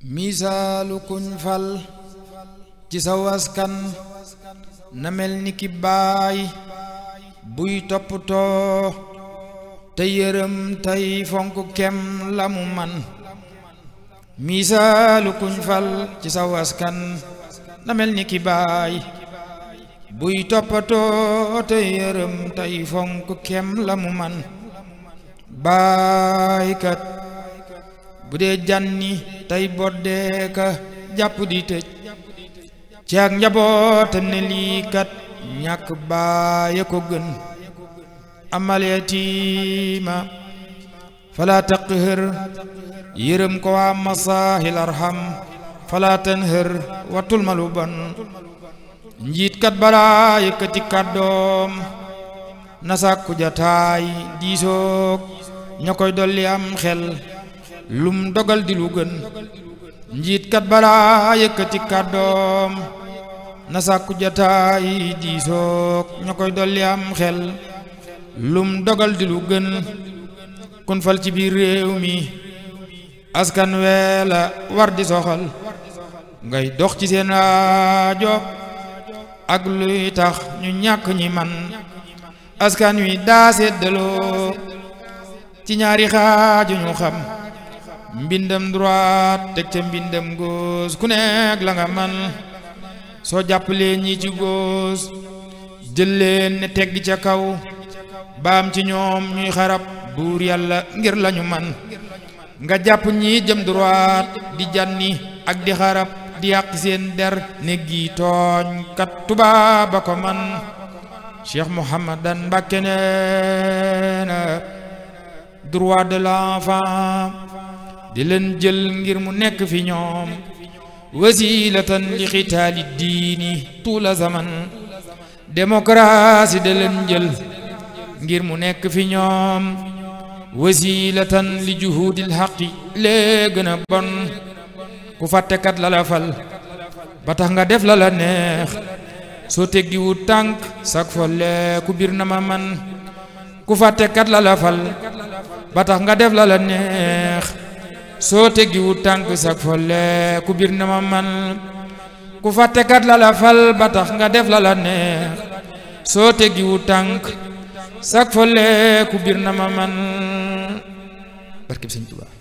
misaalu kuñ fal ci saw askan na mel ni ki baay buy toppatoo te yërëm tey fonk kem la mu man ci saw askan na baay buy toppatoo te yërëm man baaykat bu dee jànni tey boddeeka jàpp di tëj ci ak njabootam ne lii kat ñàkk baaya ko gën amal yatiima falaa taqhër yërëm ko waa masaahil arham falaa tanhër watul ma lu bon njiit kat balaa yëkkati kàddoom na sàkku jataay diisoog ña koy dolli am xel lum dogal di lu gën njiitkat balaa yëkkati kàddoom na sàkku jataay diisoog ña koy dolli am xel lum dogal di lu gën kun ci biir réew mi askan wee la war di soxal ngay dox ci seen aajo ak luy tax ñu ñàkk ñi man askan wi daa seddaloo ci ñaari xaaju ñu xam mbindam droite teg ca mbindam gauche ku nekk la nga man soo jàppalee ñi ci gauche jël leen ne tegg ca kaw baam ci ñoom ñuy xarab buur yàlla ngir lañu man nga jàpp ñi jëm droite di janni ak di xarab di yàq seen der ne gi tooñ kat tubaab ko man Cheikh Mouhamadan Mbacké nee na droit de l'enfant di leen jël ngir mu nekk fi ñoom wasilatan li xitaali diini tuula zaman démocratie di leen jël ngir mu nekk fi ñoom wasilatan li juhuudil xaqi lee gën a bon ku fàttekat la la fal ba tax nga def la la neex soo teggiwu tànk sak folle ku bir na ma man ku fàttekat la la fal ba tax nga def la la neex soo teggiwut tànk sak folle ku bir na ma ku fàttekat la la ba tax nga def la la neex soo teggiwut tànk sak folle ku bir na ma man barkeb Sëñ